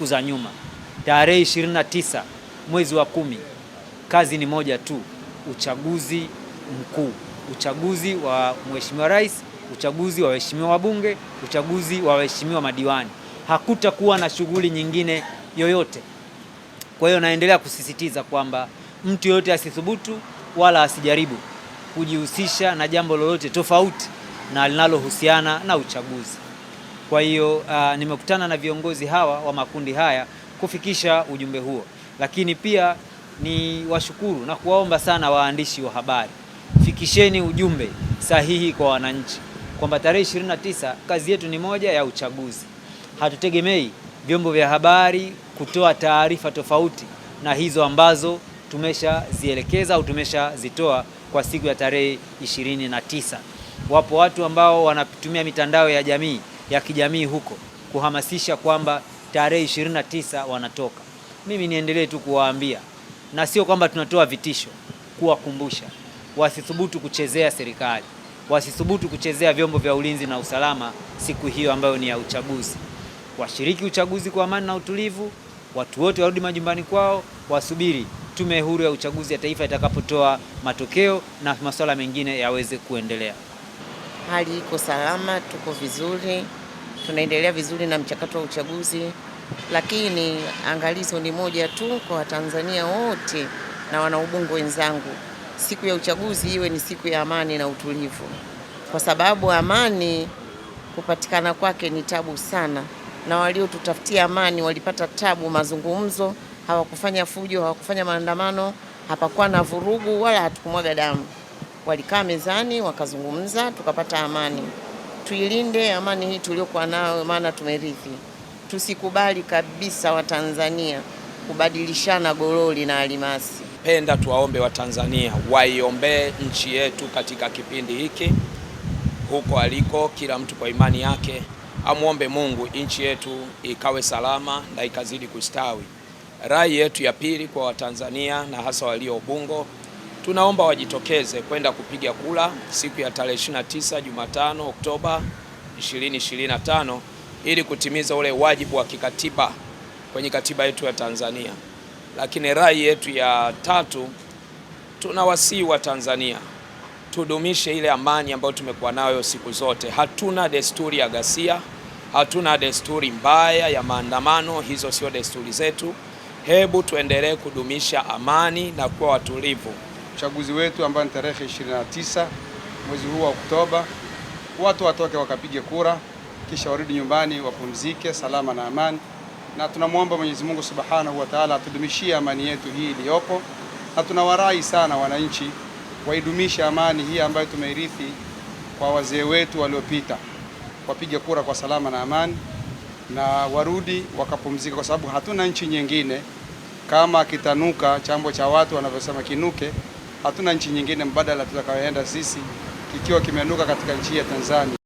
siku za nyuma, tarehe 29 mwezi wa kumi, kazi ni moja tu, uchaguzi mkuu, uchaguzi wa mheshimiwa rais, uchaguzi wa waheshimiwa wabunge, uchaguzi wa waheshimiwa madiwani. Hakutakuwa na shughuli nyingine yoyote. Kwa hiyo naendelea kusisitiza kwamba mtu yoyote asithubutu wala asijaribu kujihusisha na jambo lolote tofauti na linalohusiana na uchaguzi. Kwa hiyo uh, nimekutana na viongozi hawa wa makundi haya kufikisha ujumbe huo, lakini pia ni washukuru na kuwaomba sana waandishi wa habari, fikisheni ujumbe sahihi kwa wananchi kwamba tarehe 29 kazi yetu ni moja ya uchaguzi. Hatutegemei vyombo vya habari kutoa taarifa tofauti na hizo ambazo tumeshazielekeza au tumeshazitoa kwa siku ya tarehe 29. Wapo watu ambao wanatumia mitandao ya jamii ya kijamii huko kuhamasisha kwamba tarehe 29 wanatoka. Mimi niendelee tu kuwaambia, na sio kwamba tunatoa vitisho, kuwakumbusha wasithubutu kuchezea serikali, wasithubutu kuchezea vyombo vya ulinzi na usalama siku hiyo ambayo ni ya uchaguzi. Washiriki uchaguzi kwa amani na utulivu, watu wote warudi majumbani kwao, wasubiri Tume Huru ya Uchaguzi ya Taifa itakapotoa matokeo na masuala mengine yaweze kuendelea. Hali iko salama, tuko vizuri tunaendelea vizuri na mchakato wa uchaguzi, lakini angalizo ni moja tu kwa Watanzania wote na wanaubungu wenzangu, siku ya uchaguzi iwe ni siku ya amani na utulivu, kwa sababu amani kupatikana kwake ni tabu sana, na waliotutafutia amani walipata tabu. Mazungumzo hawakufanya fujo, hawakufanya maandamano, hapakuwa na vurugu wala hatukumwaga damu. Walikaa mezani wakazungumza, tukapata amani tuilinde amani hii tuliokuwa nayo, maana tumerithi. Tusikubali kabisa Watanzania kubadilishana gololi na alimasi. Penda tuwaombe Watanzania waiombee nchi yetu katika kipindi hiki, huko aliko kila mtu kwa imani yake amwombe Mungu nchi yetu ikawe salama na ikazidi kustawi. Rai yetu ya pili kwa Watanzania na hasa walio Ubungo tunaomba wajitokeze kwenda kupiga kura siku ya tarehe 29 Jumatano Oktoba 2025 ili kutimiza ule wajibu wa kikatiba kwenye katiba yetu ya Tanzania. Lakini rai yetu ya tatu, tunawasihi wa Tanzania tudumishe ile amani ambayo tumekuwa nayo siku zote. Hatuna desturi ya ghasia, hatuna desturi mbaya ya maandamano, hizo sio desturi zetu. Hebu tuendelee kudumisha amani na kuwa watulivu uchaguzi wetu ambao ni tarehe 29 mwezi huu wa Oktoba, watu watoke wakapige kura, kisha warudi nyumbani wapumzike salama na amani, na tunamwomba Mwenyezi Mungu Subhanahu wa Ta'ala atudumishie amani yetu hii iliyopo, na tunawarai sana wananchi waidumishe amani hii ambayo tumeirithi kwa wazee wetu waliopita, wapige kura kwa salama na amani na warudi wakapumzika, kwa sababu hatuna nchi nyingine kama kitanuka chambo cha watu wanavyosema kinuke hatuna nchi nyingine mbadala tutakayoenda sisi kikiwa kimeanuka katika nchi ya Tanzania.